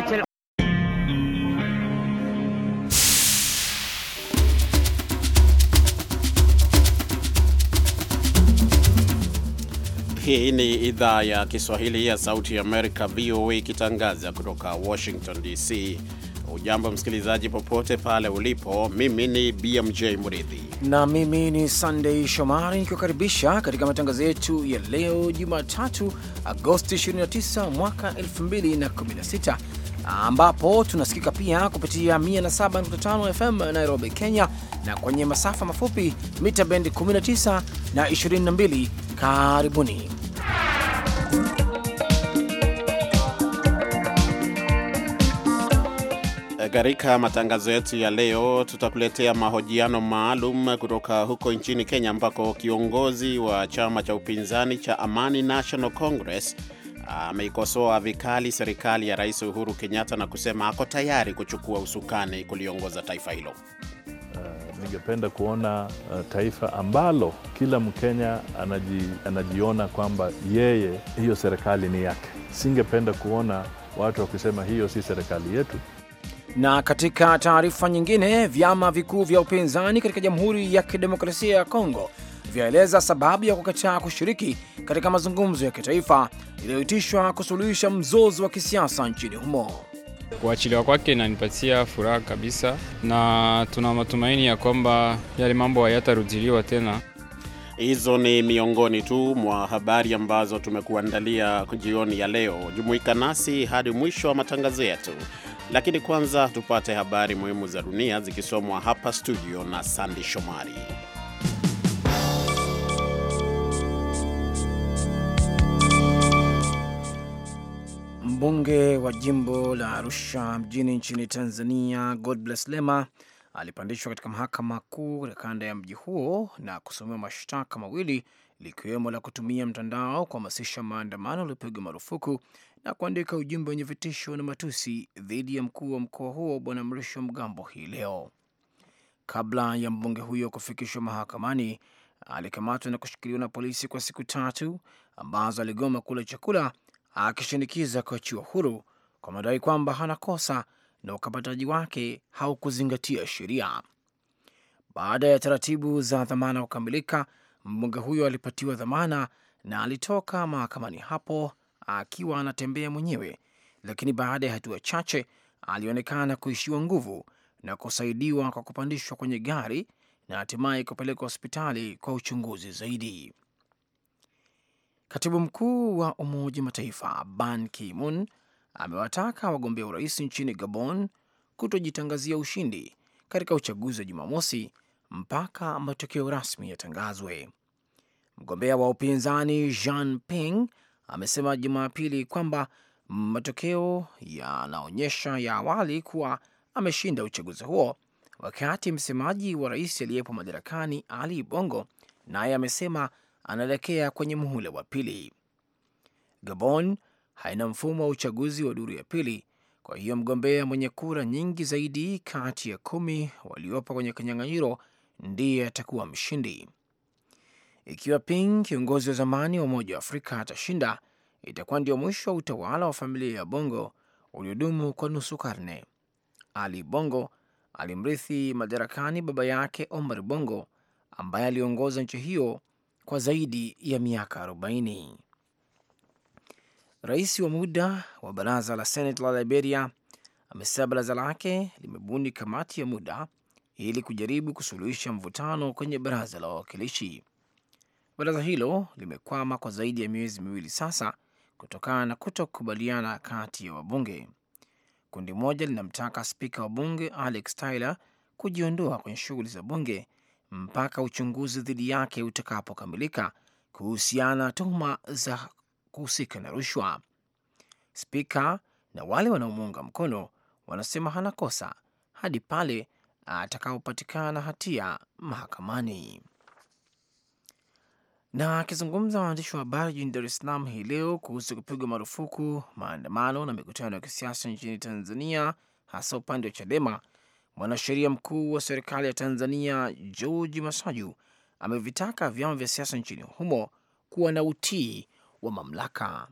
Hotels. Hii ni idhaa ya Kiswahili ya Sauti ya Amerika, VOA, ikitangaza kutoka Washington DC. Ujambo msikilizaji, popote pale ulipo. Mimi ni BMJ mridhi na mimi ni Sandei Shomari, nikiwakaribisha katika matangazo yetu ya leo Jumatatu, Agosti 29 mwaka 2016 ambapo tunasikika pia kupitia 107.5 FM Nairobi, Kenya, na kwenye masafa mafupi mita bendi 19 na 22. Karibuni. Eh, katika matangazo yetu ya leo tutakuletea mahojiano maalum kutoka huko nchini Kenya ambako kiongozi wa chama cha upinzani cha Amani National Congress ameikosoa vikali serikali ya Rais Uhuru Kenyatta na kusema ako tayari kuchukua usukani kuliongoza taifa hilo. Uh, ningependa kuona uh, taifa ambalo kila Mkenya anaji, anajiona kwamba yeye hiyo serikali ni yake. Singependa kuona watu wakisema hiyo si serikali yetu. Na katika taarifa nyingine, vyama vikuu vya upinzani katika Jamhuri ya Kidemokrasia ya Kongo vyaeleza sababu ya kukataa kushiriki katika mazungumzo ya kitaifa yaliyoitishwa kusuluhisha mzozo wa kisiasa nchini humo. Kuachiliwa kwake inanipatia furaha kabisa, na tuna matumaini ya kwamba yale mambo hayatarudiliwa tena. Hizo ni miongoni tu mwa habari ambazo tumekuandalia jioni ya leo. Jumuika nasi hadi mwisho wa matangazo yetu, lakini kwanza tupate habari muhimu za dunia zikisomwa hapa studio na Sandi Shomari. Mbunge wa jimbo la Arusha mjini nchini Tanzania, Godbless Lema alipandishwa katika mahakama kuu katika kanda ya mji huo na kusomewa mashtaka mawili likiwemo la kutumia mtandao kuhamasisha maandamano yaliyopigwa marufuku na kuandika ujumbe wenye vitisho na matusi dhidi ya mkuu wa mkoa huo Bwana Mrisho Mgambo hii leo. Kabla ya mbunge huyo kufikishwa mahakamani, alikamatwa na kushikiliwa na polisi kwa siku tatu ambazo aligoma kula chakula akishinikiza kuachiwa huru kwa madai kwamba hana kosa na ukamataji wake haukuzingatia sheria. Baada ya taratibu za dhamana kukamilika, mbunge huyo alipatiwa dhamana na alitoka mahakamani hapo akiwa anatembea mwenyewe, lakini baada ya hatua chache alionekana kuishiwa nguvu na kusaidiwa kwa kupandishwa kwenye gari na hatimaye kupelekwa hospitali kwa uchunguzi zaidi. Katibu mkuu wa Umoja Mataifa Ban Ki-moon amewataka wagombea urais nchini Gabon kutojitangazia ushindi katika uchaguzi wa Jumamosi mpaka matokeo rasmi yatangazwe. Mgombea wa upinzani Jean Ping amesema Jumapili kwamba matokeo yanaonyesha ya awali kuwa ameshinda uchaguzi huo, wakati msemaji wa rais aliyepo madarakani Ali Bongo naye amesema anaelekea kwenye muhula wa pili. Gabon haina mfumo wa uchaguzi wa duru ya pili, kwa hiyo mgombea mwenye kura nyingi zaidi kati ya kumi waliopo kwenye kinyang'anyiro ndiye atakuwa mshindi. Ikiwa Ping, kiongozi wa zamani wa Umoja wa Afrika, atashinda, itakuwa ndio mwisho wa utawala wa familia ya Bongo uliodumu kwa nusu karne. Ali Bongo alimrithi madarakani baba yake Omar Bongo ambaye aliongoza nchi hiyo kwa zaidi ya miaka 40. Rais wa muda wa baraza la Senate la Liberia amesema baraza lake limebuni kamati ya muda ili kujaribu kusuluhisha mvutano kwenye baraza la wawakilishi. Baraza hilo limekwama kwa zaidi ya miezi miwili sasa kutokana na kutokubaliana kati ya wabunge. Kundi moja linamtaka spika wa bunge Alex Tyler kujiondoa kwenye shughuli za bunge mpaka uchunguzi dhidi yake utakapokamilika kuhusiana na tuhuma za kuhusika na rushwa. Spika na wale wanaomuunga mkono wanasema hana kosa hadi pale atakapopatikana na hatia mahakamani. Na akizungumza waandishi wa habari jijini Dar es Salaam hii leo kuhusu kupigwa marufuku maandamano na mikutano ya kisiasa nchini Tanzania, hasa upande wa Chadema, Mwanasheria mkuu wa serikali ya Tanzania George Masaju amevitaka vyama vya siasa nchini humo kuwa na utii wa mamlaka.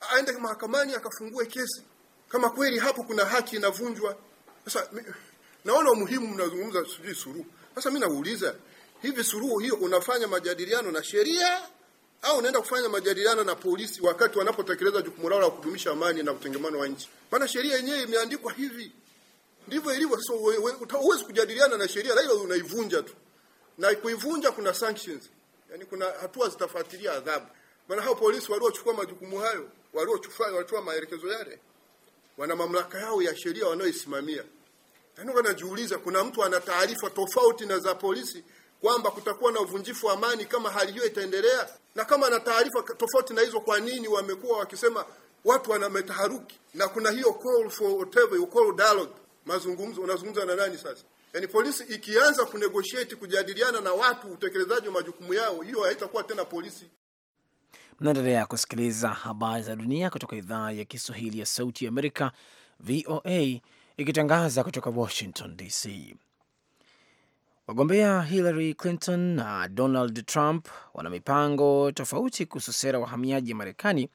Aende mahakamani akafungue kesi kama kweli hapo kuna haki inavunjwa. Sasa naona umuhimu mnazungumza sijui Suluhu. Sasa mi nauliza hivi, Suluhu hiyo unafanya majadiliano na sheria au unaenda kufanya majadiliano na polisi wakati wanapotekeleza jukumu lao la kudumisha amani na utengemano wa nchi? Maana sheria yenyewe imeandikwa hivi ndivyo ilivyo. Sasa huwezi kujadiliana na sheria, Laila unaivunja tu, na kuivunja kuna sanctions, yani kuna hatua zitafuatilia adhabu. Maana hao polisi waliochukua majukumu hayo, waliochukua maelekezo yale, wana mamlaka yao ya sheria wanaoisimamia. Yaani wanajiuliza, kuna mtu ana taarifa tofauti na za polisi kwamba kutakuwa na uvunjifu wa amani kama hali hiyo itaendelea, na kama ana taarifa tofauti na hizo, kwa nini wamekuwa wakisema watu wanametaharuki Na kuna hiyo call for whatever, call dialogue mazungumzo, unazungumza na nani sasa? Yaani polisi ikianza kunegotiate kujadiliana na watu utekelezaji wa majukumu yao, hiyo haitakuwa tena polisi. Mnaendelea kusikiliza habari za dunia kutoka idhaa ya Kiswahili ya Sauti ya Amerika, VOA, ikitangaza kutoka Washington DC. Wagombea Hillary Clinton na Donald Trump wana mipango tofauti kuhusu sera wahamiaji ya Marekani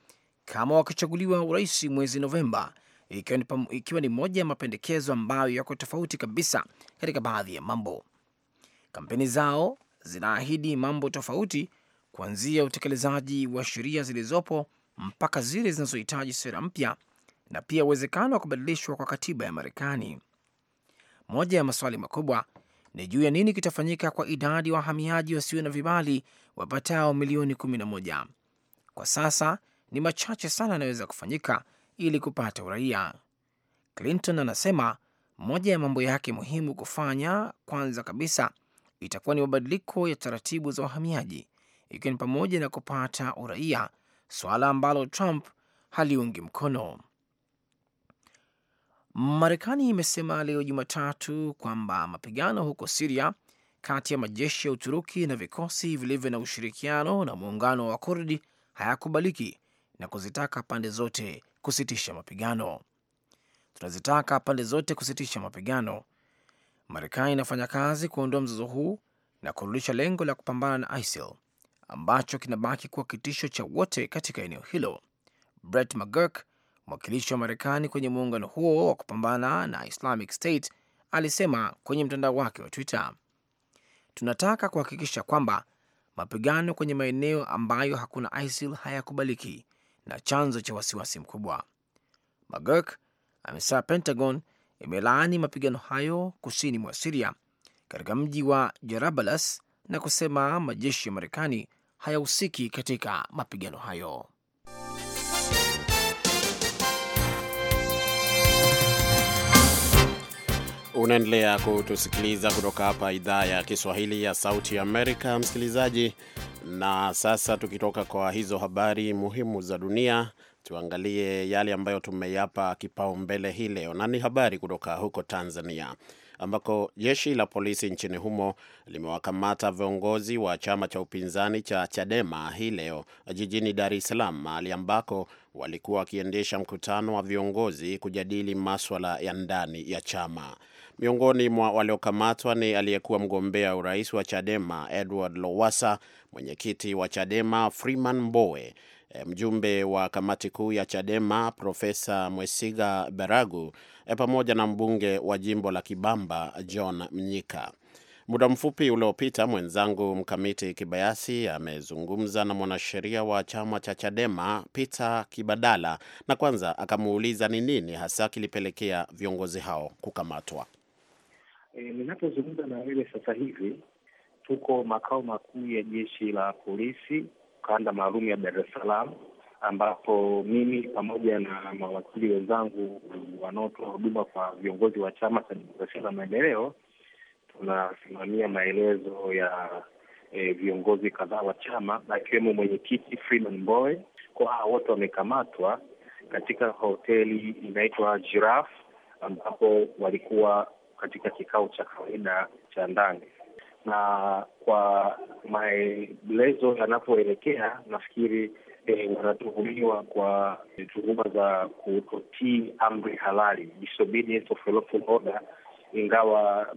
kama wakichaguliwa urais mwezi Novemba, ikiwa ni, ikiwa ni moja ya mapendekezo ambayo yako tofauti kabisa katika baadhi ya mambo. Kampeni zao zinaahidi mambo tofauti kuanzia utekelezaji wa sheria zilizopo mpaka zile zinazohitaji sera mpya na pia uwezekano wa kubadilishwa kwa katiba ya Marekani. Moja ya maswali makubwa ni juu ya nini kitafanyika kwa idadi ya wahamiaji wasio na vibali wapatao milioni 11. Kwa sasa ni machache sana yanayoweza kufanyika ili kupata uraia. Clinton anasema moja ya mambo yake muhimu kufanya kwanza kabisa itakuwa ni mabadiliko ya taratibu za wahamiaji, ikiwa ni pamoja na kupata uraia, suala ambalo Trump haliungi mkono. Marekani imesema leo Jumatatu kwamba mapigano huko Siria kati ya majeshi ya Uturuki na vikosi vilivyo na ushirikiano na muungano wa Kurdi hayakubaliki na kuzitaka pande zote kusitisha mapigano. Tunazitaka pande zote kusitisha mapigano. Marekani inafanya kazi kuondoa mzozo huu na kurudisha lengo la kupambana na ISIL ambacho kinabaki kuwa kitisho cha wote katika eneo hilo. Brett McGurk, mwakilishi wa Marekani kwenye muungano huo wa kupambana na Islamic State, alisema kwenye mtandao wake wa Twitter, tunataka kuhakikisha kwamba mapigano kwenye maeneo ambayo hakuna ISIL hayakubaliki na chanzo cha wasiwasi mkubwa. Magurk amesema Pentagon imelaani mapigano hayo kusini mwa Siria katika mji wa Jarabalus na kusema majeshi ya Marekani hayahusiki katika mapigano hayo. Unaendelea kutusikiliza kutoka hapa idhaa ya Kiswahili ya Sauti ya Amerika, msikilizaji. Na sasa tukitoka kwa hizo habari muhimu za dunia, tuangalie yale ambayo tumeyapa kipaumbele hii leo, na ni habari kutoka huko Tanzania ambako jeshi la polisi nchini humo limewakamata viongozi wa chama cha upinzani cha Chadema hii leo jijini Dar es Salaam, mahali ambako walikuwa wakiendesha mkutano wa viongozi kujadili maswala ya ndani ya chama. Miongoni mwa waliokamatwa ni aliyekuwa mgombea urais wa Chadema Edward lowasa mwenyekiti wa Chadema Freeman Mbowe Eh, mjumbe wa kamati kuu ya Chadema Profesa Mwesiga Baragu eh, pamoja na mbunge wa jimbo la Kibamba John Mnyika. Muda mfupi uliopita mwenzangu Mkamiti Kibayasi amezungumza na mwanasheria wa chama cha Chadema Peter Kibadala, na kwanza akamuuliza ni nini hasa kilipelekea viongozi hao kukamatwa. E, ninapozungumza na wewe sasa hivi tuko makao makuu ya jeshi la polisi kanda maalum ya Dar es Salaam ambapo mimi pamoja na mawakili wenzangu wanaotoa huduma kwa viongozi wa Chama cha Demokrasia na Maendeleo tunasimamia maelezo ya e, viongozi kadhaa wa chama akiwemo mwenyekiti Freeman Mbowe. Kwa wote wamekamatwa katika hoteli inaitwa Giraffe, ambapo walikuwa katika kikao cha kawaida cha ndani na kwa maelezo yanapoelekea, nafikiri eh, wanatuhumiwa kwa eh, tuhuma za kutotii amri halali, disobedience of lawful order, ingawa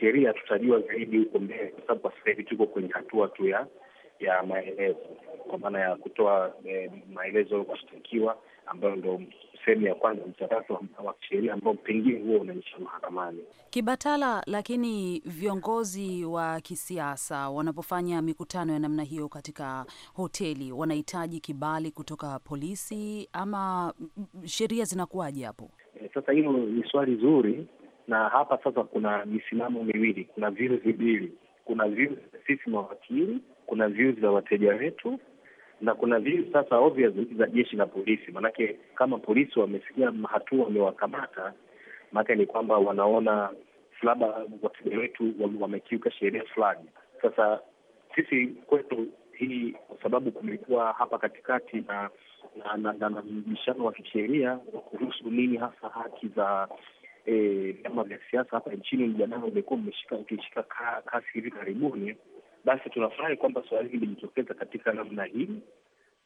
sheria tutajua zaidi huko mbele, kwa sababu kwa sasa hivi tuko kwenye hatua tu ya ya maelezo, kwa maana ya kutoa eh, maelezo washtakiwa ambayo ndo sehemu ya kwanza mchakato wa kisheria ambao pengine huo unaisha mahakamani. Kibatala, lakini viongozi wa kisiasa wanapofanya mikutano ya namna hiyo katika hoteli wanahitaji kibali kutoka polisi ama sheria zinakuwaje hapo? E, sasa hilo ni swali zuri, na hapa sasa kuna misimamo miwili, kuna vyuzi mbili, kuna vyuzi sisi mawakili, kuna vyuzi vya wateja wetu na kuna vile sasa obvious za jeshi la polisi, maanake kama polisi wamesikia hatua wamewakamata, maanake ni kwamba wanaona labda wateja wetu wamekiuka sheria fulani. Sasa sisi kwetu hii, kwa sababu kumekuwa hapa katikati na na, na, na, na wa kisheria kuhusu nini hasa haki za eh, vyama e, vya siasa hapa nchini, mjadala umekuwa umeshika ukishika kasi hivi karibuni basi tunafurahi kwamba swala hili limejitokeza katika namna hii,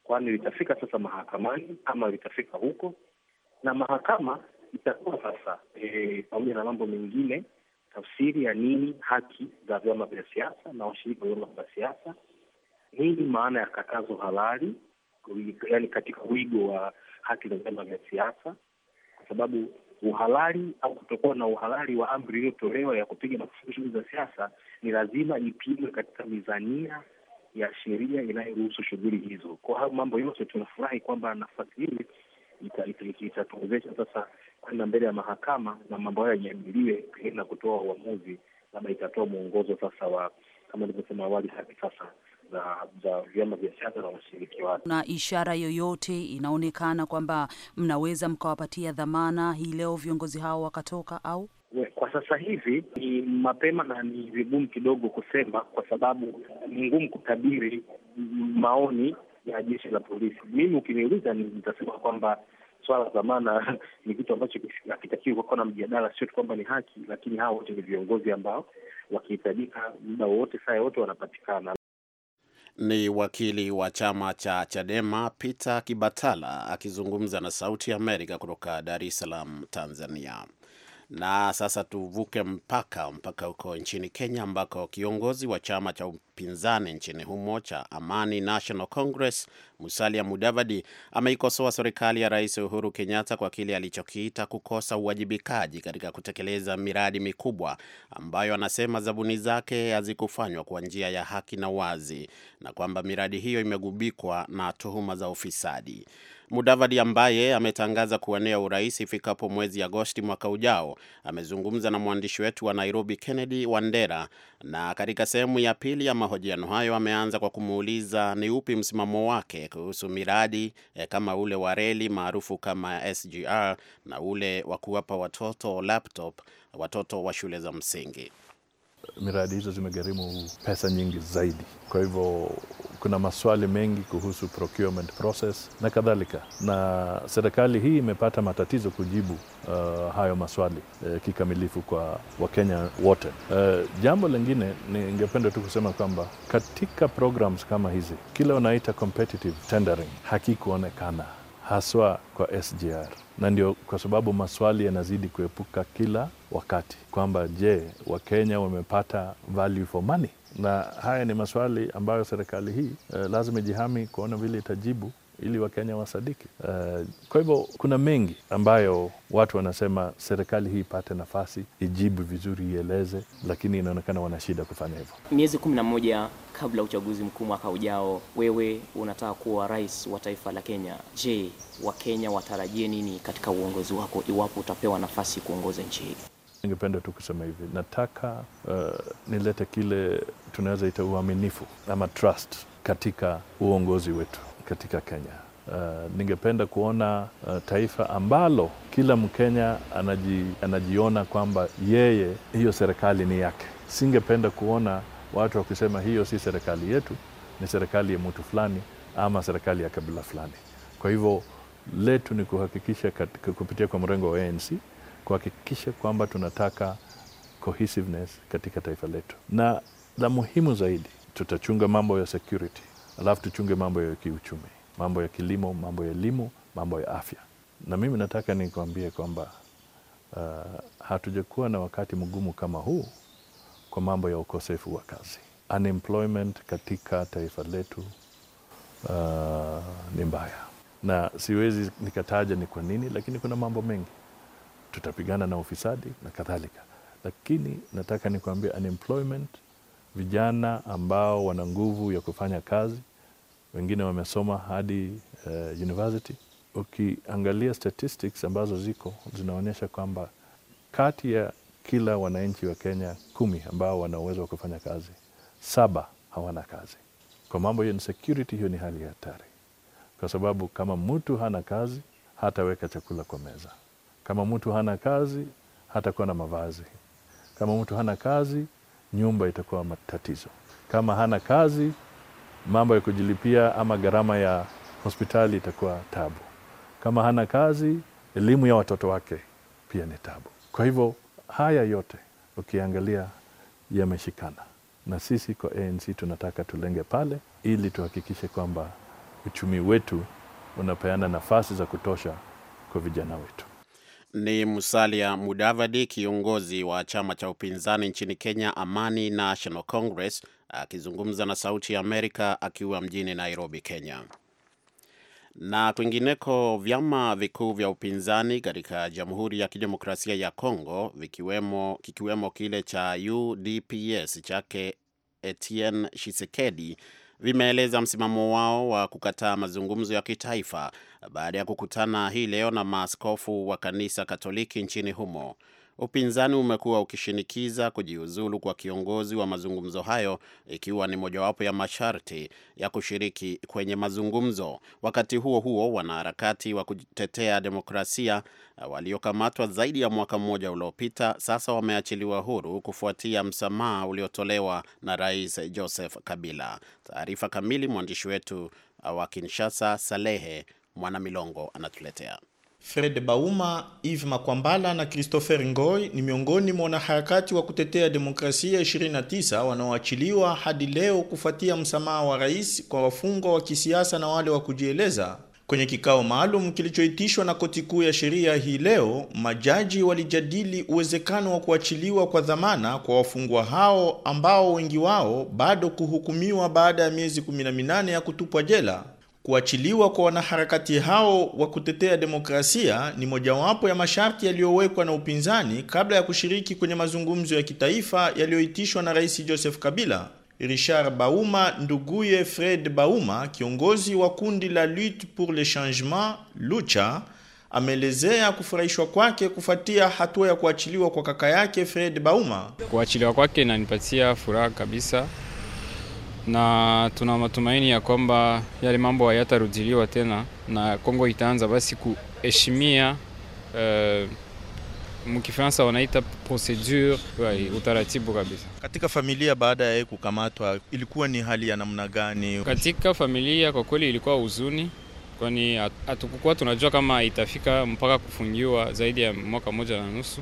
kwani litafika sasa mahakamani ama litafika huko, na mahakama itakuwa sasa e, pamoja na mambo mengine, tafsiri ya nini haki za vyama vya siasa na washiriki wa vyama vya siasa, nini maana ya katazo halali, yaani katika wigo wa haki za vyama vya siasa, kwa sababu uhalali au kutokuwa na uhalali wa amri iliyotolewa ya kupiga marufuku shughuli za siasa, ni lazima ipigwe katika mizania ya sheria inayoruhusu shughuli hizo. Kwa hayo mambo yote, tunafurahi kwamba nafasi hii itatuwezesha ita, ita sasa kwenda mbele ya mahakama na mambo hayo yajadiliwe, na kutoa uamuzi, labda itatoa mwongozo sasa wa kama ilivyosema awali hadi sasa za za vyama vya siasa na washiriki wake. Kuna ishara yoyote inaonekana kwamba mnaweza mkawapatia dhamana hii leo viongozi hao wakatoka au kwa sasa hivi ni mapema na ni vigumu kidogo kusema, kwa sababu ni ngumu kutabiri maoni ya jeshi la polisi. Mimi ukiniuliza, nitasema kwamba swala la dhamana ni kitu ambacho hakitakiwi kuwa na mjadala, sio tu kwamba ni haki, lakini hawa wote ni viongozi ambao wakihitajika muda wowote, saa yote wanapatikana. Ni wakili wa chama cha Chadema Peter Kibatala akizungumza na Sauti ya Amerika kutoka Dar es Salaam, Tanzania. Na sasa tuvuke mpaka mpaka huko nchini Kenya ambako kiongozi wa chama cha upinzani nchini humo cha Amani National Congress, Musalia Mudavadi ameikosoa serikali ya Rais Uhuru Kenyatta kwa kile alichokiita kukosa uwajibikaji katika kutekeleza miradi mikubwa ambayo anasema zabuni zake hazikufanywa kwa njia ya haki na wazi na kwamba miradi hiyo imegubikwa na tuhuma za ufisadi. Mudavadi ambaye ametangaza kuwania urais ifikapo mwezi Agosti mwaka ujao, amezungumza na mwandishi wetu wa Nairobi Kennedy Wandera, na katika sehemu ya pili ya mahojiano hayo ameanza kwa kumuuliza ni upi msimamo wake kuhusu miradi eh, kama ule wa reli maarufu kama SGR na ule wa kuwapa watoto laptop watoto wa shule za msingi. Miradi hizo zimegharimu pesa nyingi zaidi, kwa hivyo kuna maswali mengi kuhusu procurement process na kadhalika, na serikali hii imepata matatizo kujibu uh, hayo maswali uh, kikamilifu kwa Wakenya wote. Uh, jambo lingine ningependa tu kusema kwamba katika programs kama hizi kile unaita competitive tendering hakikuonekana haswa kwa SGR na ndio kwa sababu maswali yanazidi kuepuka kila wakati kwamba je, Wakenya wamepata value for money na haya ni maswali ambayo serikali hii eh, lazima ijihami kuona vile itajibu ili Wakenya wasadiki. Uh, kwa hivyo kuna mengi ambayo watu wanasema serikali hii ipate nafasi ijibu vizuri, ieleze, lakini inaonekana wana shida kufanya hivyo. Miezi kumi na moja kabla uchaguzi mkuu mwaka ujao, wewe unataka kuwa rais wa taifa la Kenya. Je, Wakenya watarajie nini katika uongozi wako iwapo utapewa nafasi kuongoza nchi hii? Ningependa tu kusema hivi, nataka uh, nilete kile tunaweza ita uaminifu ama trust katika uongozi wetu katika Kenya. Uh, ningependa kuona uh, taifa ambalo kila Mkenya anaji, anajiona kwamba yeye hiyo serikali ni yake. Singependa kuona watu wakisema hiyo si serikali yetu, ni serikali ya mtu fulani ama serikali ya kabila fulani. Kwa hivyo letu ni kuhakikisha kupitia kwa mrengo wa ANC kuhakikisha kwamba tunataka cohesiveness katika taifa letu, na la muhimu zaidi, tutachunga mambo ya security, alafu tuchunge mambo ya kiuchumi, mambo ya kilimo, mambo ya elimu, mambo ya afya. Na mimi nataka nikuambie kwamba uh, hatujakuwa na wakati mgumu kama huu kwa mambo ya ukosefu wa kazi. Unemployment katika taifa letu uh, ni mbaya, na siwezi nikataja ni kwa nini, lakini kuna mambo mengi tutapigana na ufisadi na kadhalika, lakini nataka nikuambia unemployment, vijana ambao wana nguvu ya kufanya kazi, wengine wamesoma hadi uh, university. Ukiangalia statistics ambazo ziko zinaonyesha kwamba kati ya kila wananchi wa Kenya kumi ambao wana uwezo wa kufanya kazi, saba hawana kazi. Kwa mambo ya insecurity, hiyo ni hali ya hatari, kwa sababu kama mtu hana kazi hataweka chakula kwa meza. Kama mtu hana kazi, hatakuwa na mavazi. Kama mtu hana kazi, nyumba itakuwa matatizo. Kama hana kazi, mambo ya kujilipia ama gharama ya hospitali itakuwa tabu. Kama hana kazi, elimu ya watoto wake pia ni tabu. Kwa hivyo haya yote ukiangalia yameshikana, na sisi kwa ANC tunataka tulenge pale, ili tuhakikishe kwamba uchumi wetu unapeana nafasi za kutosha kwa vijana wetu ni Musalia Mudavadi, kiongozi wa chama cha upinzani nchini Kenya, Amani National Congress, akizungumza na Sauti ya Amerika akiwa mjini Nairobi, Kenya. Na kwingineko, vyama vikuu vya upinzani katika Jamhuri ya Kidemokrasia ya congo vikiwemo, kikiwemo kile cha UDPS chake Etienne shisekedi vimeeleza msimamo wao wa kukataa mazungumzo ya kitaifa baada ya kukutana hii leo na maaskofu wa kanisa Katoliki nchini humo. Upinzani umekuwa ukishinikiza kujiuzulu kwa kiongozi wa mazungumzo hayo, ikiwa ni mojawapo ya masharti ya kushiriki kwenye mazungumzo. Wakati huo huo, wanaharakati wa kutetea demokrasia eh, waliokamatwa zaidi ya mwaka mmoja uliopita sasa wameachiliwa huru kufuatia msamaha uliotolewa na Rais Joseph Kabila. Taarifa kamili mwandishi wetu eh, wa Kinshasa, Salehe Mwanamilongo, anatuletea. Fred Bauma, Yves Makwambala na Christopher Ngoi ni miongoni mwa wanaharakati wa kutetea demokrasia 29 wanaoachiliwa hadi leo kufuatia msamaha wa rais kwa wafungwa wa kisiasa na wale wa kujieleza. Kwenye kikao maalum kilichoitishwa na koti kuu ya sheria hii leo, majaji walijadili uwezekano wa kuachiliwa kwa dhamana kwa wafungwa hao ambao wengi wao bado kuhukumiwa baada ya miezi 18 ya kutupwa jela. Kuachiliwa kwa wanaharakati hao wa kutetea demokrasia ni mojawapo ya masharti yaliyowekwa na upinzani kabla ya kushiriki kwenye mazungumzo ya kitaifa yaliyoitishwa na Rais Joseph Kabila. Richard Bauma nduguye Fred Bauma, kiongozi wa kundi la Lutte pour le Changement Lucha, ameelezea kufurahishwa kwake kufuatia hatua ya kuachiliwa kwa kaka yake Fred Bauma. Kuachiliwa kwake inanipatia furaha kabisa na tuna matumaini ya kwamba yale mambo hayatarudiliwa tena na Kongo itaanza basi kuheshimia uh, mkifaransa wanaita procedure utaratibu kabisa. Katika familia baada ya yeye kukamatwa, ilikuwa ni hali ya namna gani? Katika familia kwa kweli ilikuwa huzuni, kwani hatukukuwa tunajua kama itafika mpaka kufungiwa zaidi ya mwaka mmoja na nusu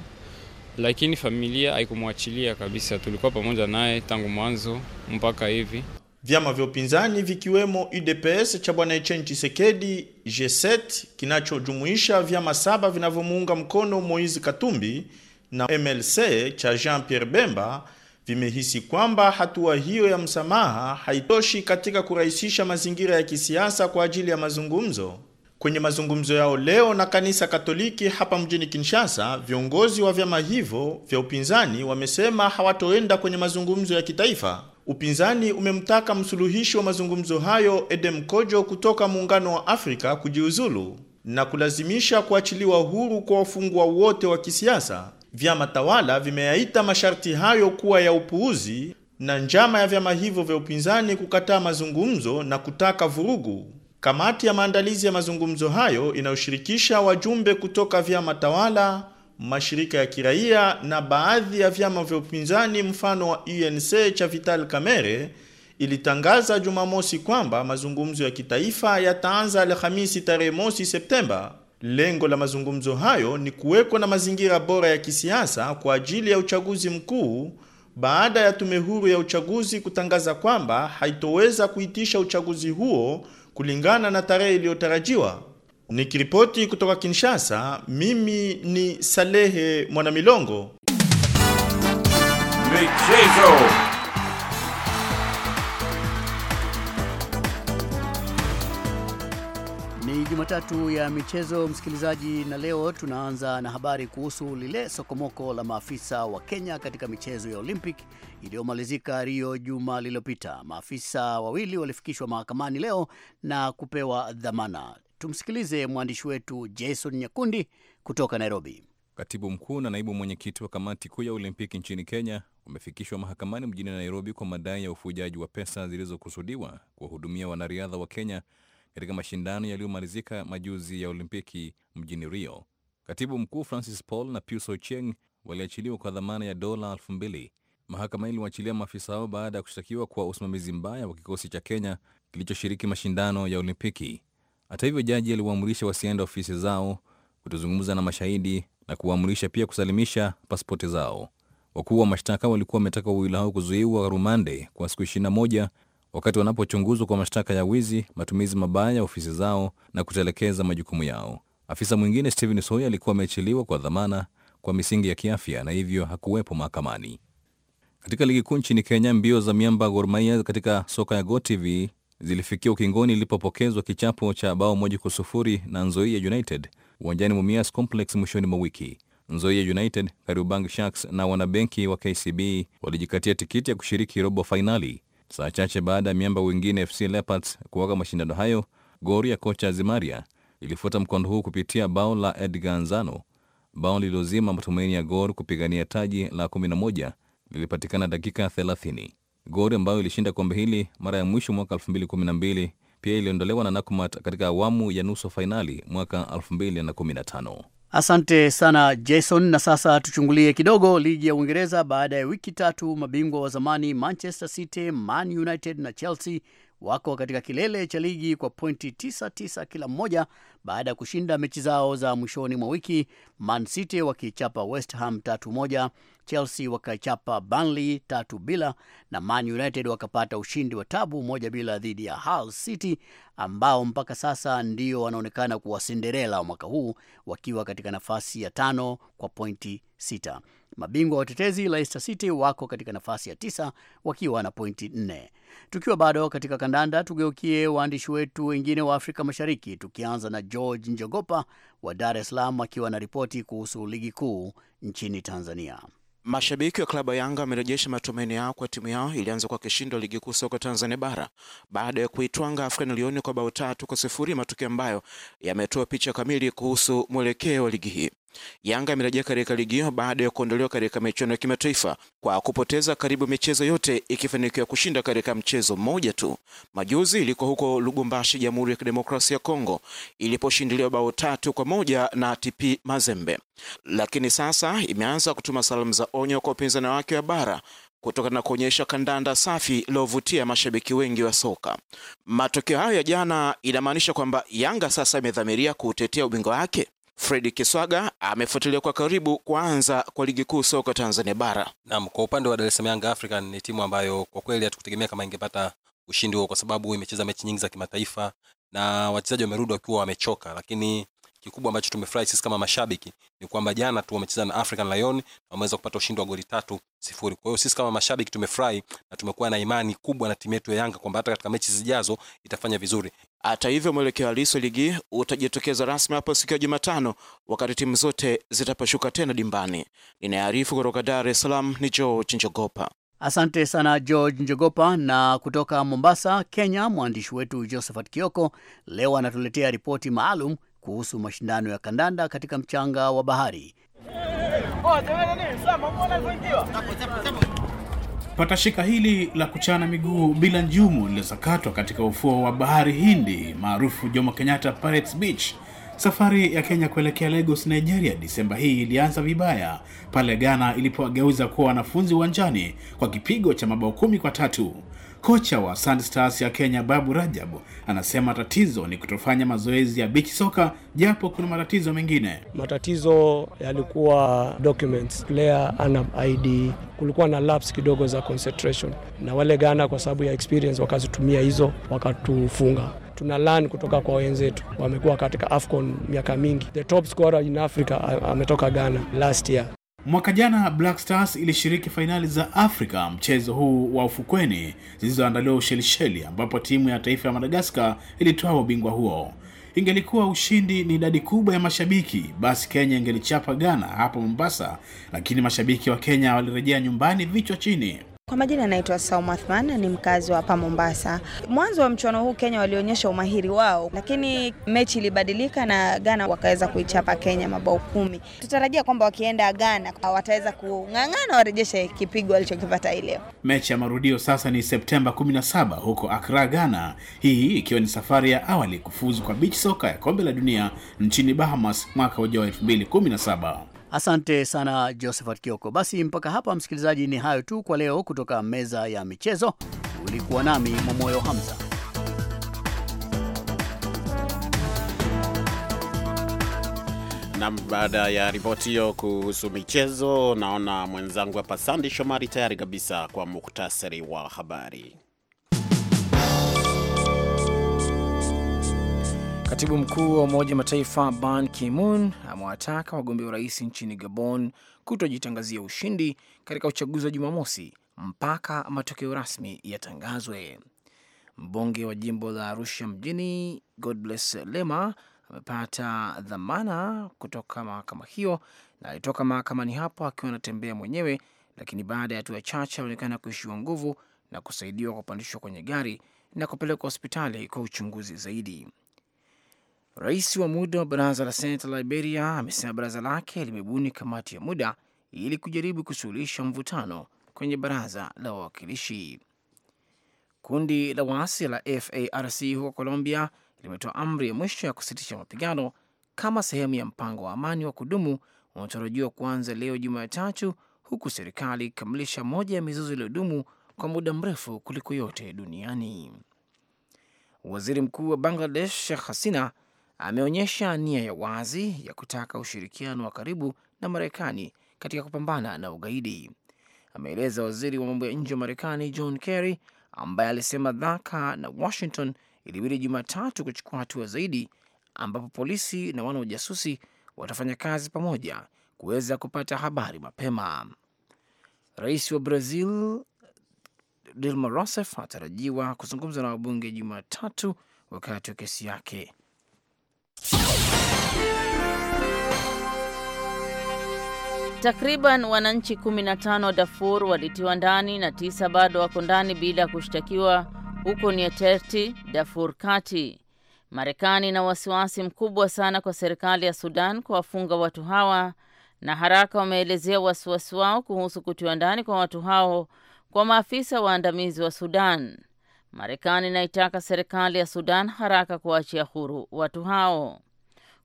lakini familia haikumwachilia kabisa. Tulikuwa pamoja naye tangu mwanzo mpaka hivi. Vyama vya upinzani vikiwemo UDPS cha bwana Etienne Tshisekedi, G7 kinachojumuisha vyama saba vinavyomuunga mkono Moise Katumbi na MLC cha Jean-Pierre Bemba vimehisi kwamba hatua hiyo ya msamaha haitoshi katika kurahisisha mazingira ya kisiasa kwa ajili ya mazungumzo. Kwenye mazungumzo yao leo na kanisa Katoliki hapa mjini Kinshasa, viongozi wa vyama hivyo vya upinzani wamesema hawatoenda kwenye mazungumzo ya kitaifa. Upinzani umemtaka msuluhishi wa mazungumzo hayo Edem Kojo kutoka Muungano wa Afrika kujiuzulu na kulazimisha kuachiliwa huru kwa wafungwa wote wa kisiasa. Vyama tawala vimeyaita masharti hayo kuwa ya upuuzi na njama ya vyama hivyo vya upinzani kukataa mazungumzo na kutaka vurugu. Kamati ya maandalizi ya mazungumzo hayo inayoshirikisha wajumbe kutoka vyama tawala, mashirika ya kiraia na baadhi ya vyama vya upinzani mfano wa UNC cha Vital Kamerhe ilitangaza Jumamosi kwamba mazungumzo ya kitaifa yataanza Alhamisi tarehe mosi Septemba. Lengo la mazungumzo hayo ni kuwekwa na mazingira bora ya kisiasa kwa ajili ya uchaguzi mkuu baada ya tume huru ya uchaguzi kutangaza kwamba haitoweza kuitisha uchaguzi huo kulingana na tarehe iliyotarajiwa. Nikiripoti kutoka Kinshasa, mimi ni Salehe Mwanamilongo. Michezo. Jumatatu ya michezo, msikilizaji, na leo tunaanza na habari kuhusu lile sokomoko la maafisa wa Kenya katika michezo ya Olympic iliyomalizika Rio juma lililopita. Maafisa wawili walifikishwa mahakamani leo na kupewa dhamana. Tumsikilize mwandishi wetu Jason Nyakundi kutoka Nairobi. Katibu mkuu na naibu mwenyekiti wa kamati kuu ya Olimpiki nchini Kenya wamefikishwa mahakamani mjini Nairobi kwa madai ya ufujaji wa pesa zilizokusudiwa kuwahudumia wanariadha wa Kenya katika mashindano yaliyomalizika majuzi ya Olimpiki mjini Rio. Katibu mkuu Francis Paul na Pius Ocheng waliachiliwa kwa dhamana ya dola 20 Mahakama iliwaachilia maafisa hao baada ya kushtakiwa kwa usimamizi mbaya wa kikosi cha Kenya kilichoshiriki mashindano ya Olimpiki. Hata hivyo, jaji aliwaamrisha wasienda ofisi zao, kutozungumza na mashahidi na kuwaamrisha pia kusalimisha pasipoti zao. Wakuu wa mashtaka walikuwa wametaka wawili hao kuzuiwa rumande kwa siku 21 wakati wanapochunguzwa kwa mashtaka ya wizi, matumizi mabaya ya ofisi zao na kutelekeza majukumu yao. Afisa mwingine Stephen soy alikuwa ameachiliwa kwa dhamana kwa misingi ya kiafya na hivyo hakuwepo mahakamani. Katika ligi kuu nchini Kenya, mbio za miamba Gor Mahia katika soka ya GOtv zilifikia ukingoni ilipopokezwa kichapo cha bao moja kwa sufuri na Nzoia United uwanjani Mumias Complex mwishoni mwa wiki. Nzoia United, Kariobangi Sharks na wanabenki wa KCB walijikatia tikiti ya kushiriki robo fainali. Saa chache baada ya miamba wengine FC Leopards kuaga mashindano hayo, gori ya kocha zimaria ilifuata mkondo huu kupitia bao la Edgar Nzano. Bao lililozima matumaini ya Gor kupigania taji la 11 lilipatikana dakika 30. gori ambayo ilishinda kombe hili mara ya mwisho mwaka 212 pia iliondolewa na Nakumatt katika awamu ya nusu fainali mwaka 2015. Asante sana Jason, na sasa tuchungulie kidogo ligi ya Uingereza. Baada ya wiki tatu, mabingwa wa zamani Manchester City, Man United na Chelsea wako katika kilele cha ligi kwa pointi 99 kila mmoja baada ya kushinda mechi zao za mwishoni mwa wiki, Man City westham West Ham tatu moja, Chelsea tatu bila, na Man United wakapata ushindi wa tabu moja bila dhidi ya Hull City ambao mpaka sasa ndio wanaonekana kuwa mwaka huu wakiwa katika nafasi ya tano kwa pointi sita. Mabingwa watetezi Leicester City wako katika nafasi ya tisa wakiwa na pointi nne. Tukiwa bado katika kandanda, tugeukie waandishi wetu wengine wa Afrika Mashariki, tukianza na George Njogopa wa Dar es Salaam akiwa na ripoti kuhusu ligi kuu nchini Tanzania. Mashabiki wa klabu ya Yanga wamerejesha matumaini yao kwa timu yao ilianza kwa kishindo ligi kuu soka Tanzania bara baada ya kuitwanga African Lioni kwa bao tatu kwa sifuri, matokeo ambayo yametoa picha kamili kuhusu mwelekeo wa ligi hii. Yanga imerejea katika ligi hiyo baada ya kuondolewa katika michuano ya kimataifa kwa kupoteza karibu michezo yote ikifanikiwa kushinda katika mchezo mmoja tu. Majuzi ilikuwa huko Lubumbashi, Jamhuri ya Kidemokrasia ya Kongo iliposhindiliwa bao tatu kwa moja na TP Mazembe, lakini sasa imeanza kutuma salamu za onyo kwa upinzani wake wa bara kutokana na kuonyesha kandanda safi iliyovutia mashabiki wengi wa soka. Matokeo hayo ya jana inamaanisha kwamba Yanga sasa imedhamiria kuutetea ubingwa wake Fredi Kiswaga amefuatilia kwa karibu kuanza kwa ligi kuu soka Tanzania bara. Naam, kwa upande wa Dar es Salaam African ni timu ambayo kwa kweli hatukutegemea kama ingepata ushindi huo, kwa sababu imecheza mechi nyingi za kimataifa na wachezaji wamerudi wakiwa wamechoka, lakini kikubwa ambacho tumefurahi sisi kama mashabiki ni kwamba jana tu wamecheza na African Lion na wameweza kupata ushindi wa goli tatu sifuri. Kwa hiyo sisi kama mashabiki tumefurahi na tumekuwa na imani kubwa na timu yetu ya Yanga kwamba hata katika mechi zijazo itafanya vizuri. Hata hivyo, mwelekeo halisi wa ligi utajitokeza rasmi hapo siku ya Jumatano, wakati timu zote zitapashuka tena dimbani. Ninaarifu kutoka Dar es Salaam ni George Njogopa. Asante sana George Njogopa. Na kutoka Mombasa, Kenya, mwandishi wetu Josephat Kioko leo anatuletea ripoti maalum kuhusu mashindano ya kandanda katika mchanga wa bahari. Oh, Patashika hili la kuchana miguu bila njumu lililosakatwa katika ufuo wa bahari Hindi maarufu Jomo Kenyatta Pirates Beach. Safari ya Kenya kuelekea Lagos, Nigeria Disemba hii ilianza vibaya pale Ghana ilipowageuza kuwa wanafunzi uwanjani kwa kipigo cha mabao kumi kwa tatu. Kocha wa Sand Stars ya Kenya Babu Rajab anasema tatizo ni kutofanya mazoezi ya bichi soka, japo kuna matatizo mengine. Matatizo yalikuwa documents, player ana ID, kulikuwa na laps kidogo za concentration, na wale Ghana kwa sababu ya experience wakazitumia hizo wakatufunga tuna lan kutoka kwa wenzetu, wamekuwa katika AFCON miaka mingi. The top scorer in Africa ametoka Ghana last year, Mwaka jana Black Stars ilishiriki fainali za Afrika mchezo huu wa ufukweni zilizoandaliwa Ushelisheli, ambapo timu ya taifa ya Madagaskar ilitoa ubingwa huo. Ingelikuwa ushindi ni idadi kubwa ya mashabiki, basi Kenya ingelichapa Ghana hapo Mombasa, lakini mashabiki wa Kenya walirejea nyumbani vichwa chini. Kwa majina anaitwa Saum Athman ni mkazi wa hapa Mombasa. Mwanzo wa mchuano huu Kenya walionyesha umahiri wao, lakini mechi ilibadilika na Ghana wakaweza kuichapa Kenya mabao kumi. Tutarajia kwamba wakienda Ghana uh, wataweza kung'ang'ana warejeshe kipigo walichokipata hii leo. Mechi ya marudio sasa ni Septemba 17 huko akra Ghana, hii ikiwa ni safari ya awali kufuzu kwa beach soka ya kombe la dunia nchini Bahamas mwaka ujao 2017. Asante sana Josephat Kioko. Basi mpaka hapa, msikilizaji, ni hayo tu kwa leo kutoka meza ya michezo. Ulikuwa nami Momoyo Hamza. Nam, baada ya ripoti hiyo kuhusu michezo, naona mwenzangu hapa Sandi Shomari tayari kabisa kwa muktasari wa habari. Katibu mkuu wa Umoja Mataifa Ban Ki-moon amewataka wagombea urais nchini Gabon kutojitangazia ushindi katika uchaguzi wa Jumamosi mpaka matokeo rasmi yatangazwe. Mbunge wa jimbo la Arusha mjini Godbless Lema amepata dhamana kutoka mahakama hiyo na alitoka mahakamani hapo akiwa anatembea mwenyewe, lakini baada ya hatua chache alionekana kuishiwa nguvu na kusaidiwa kupandishwa kwenye gari na kupelekwa hospitali kwa uchunguzi zaidi. Rais wa muda wa baraza la seneta la Liberia amesema baraza lake limebuni kamati ya muda ili kujaribu kusuluhisha mvutano kwenye baraza la wawakilishi. Kundi la waasi la FARC huko Colombia limetoa amri ya mwisho ya kusitisha mapigano kama sehemu ya mpango wa amani wa kudumu unaotarajiwa kuanza leo Jumatatu, huku serikali ikikamilisha moja ya mizozo iliyodumu kwa muda mrefu kuliko yote duniani. Waziri Mkuu wa Bangladesh Sheikh Hasina ameonyesha nia ya wazi ya kutaka ushirikiano wa karibu na Marekani katika kupambana na ugaidi, ameeleza waziri wa mambo ya nje wa Marekani John Kerry ambaye alisema Dhaka na Washington ilibidi Jumatatu kuchukua hatua zaidi, ambapo polisi na wana ujasusi watafanya kazi pamoja kuweza kupata habari mapema. Rais wa Brazil Dilma Rousseff atarajiwa kuzungumza na wabunge Jumatatu wakati wa kesi yake. Takriban wananchi 15 wa Darfur walitiwa ndani na tisa bado wako ndani bila ya kushtakiwa huko Nieterti, Darfur Kati. Marekani ina wasiwasi mkubwa sana kwa serikali ya Sudan kwa wafunga watu hawa, na haraka wameelezea wasiwasi wao kuhusu kutiwa ndani kwa watu hao kwa maafisa waandamizi wa Sudan. Marekani inaitaka serikali ya Sudan haraka kuwaachia huru watu hao.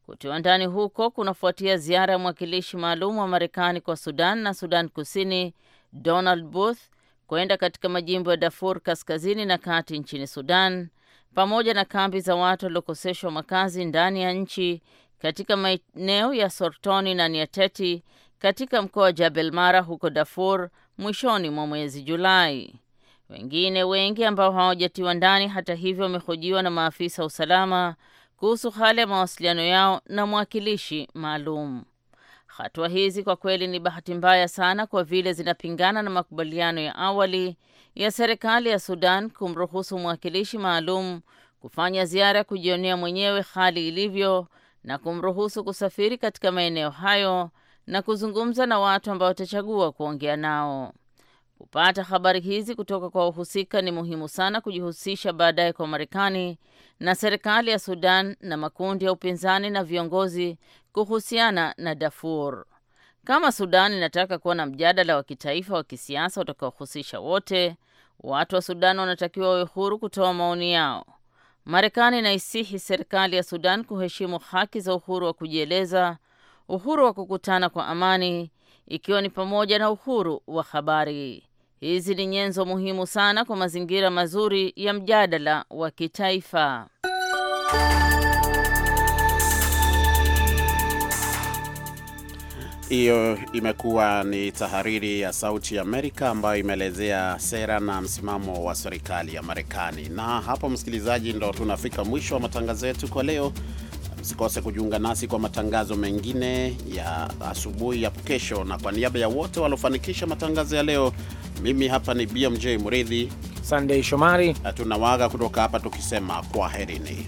Kutiwa ndani huko kunafuatia ziara ya mwakilishi maalum wa Marekani kwa Sudan na Sudan Kusini, Donald Booth, kwenda katika majimbo ya Darfur kaskazini na kati nchini Sudan, pamoja na kambi za watu waliokoseshwa makazi ndani ya nchi katika maeneo ya Sortoni na Niateti katika mkoa wa Jabel Mara huko Darfur mwishoni mwa mwezi Julai. Wengine wengi ambao hawajatiwa ndani, hata hivyo, wamehojiwa na maafisa wa usalama kuhusu hali ya mawasiliano yao na mwakilishi maalum. Hatua hizi kwa kweli ni bahati mbaya sana, kwa vile zinapingana na makubaliano ya awali ya serikali ya Sudan kumruhusu mwakilishi maalum kufanya ziara ya kujionea mwenyewe hali ilivyo na kumruhusu kusafiri katika maeneo hayo na kuzungumza na watu ambao watachagua kuongea nao. Kupata habari hizi kutoka kwa wahusika ni muhimu sana kujihusisha baadaye kwa Marekani na serikali ya Sudan na makundi ya upinzani na viongozi kuhusiana na Darfur. Kama Sudan inataka kuwa na mjadala wa kitaifa wa kisiasa utakaohusisha wote, watu wa Sudan wanatakiwa wawe huru kutoa maoni yao. Marekani inaisihi serikali ya Sudan kuheshimu haki za uhuru wa kujieleza, uhuru wa kukutana kwa amani, ikiwa ni pamoja na uhuru wa habari. Hizi ni nyenzo muhimu sana kwa mazingira mazuri ya mjadala wa kitaifa. Hiyo imekuwa ni tahariri ya Sauti ya Amerika ambayo imeelezea sera na msimamo wa serikali ya Marekani. Na hapo, msikilizaji, ndo tunafika mwisho wa matangazo yetu kwa leo. Usikose kujiunga nasi kwa matangazo mengine ya asubuhi hapo kesho, na kwa niaba ya wote waliofanikisha matangazo ya leo, mimi hapa ni BMJ mridhi Sandei Shomari, tunawaaga kutoka hapa tukisema kwaherini.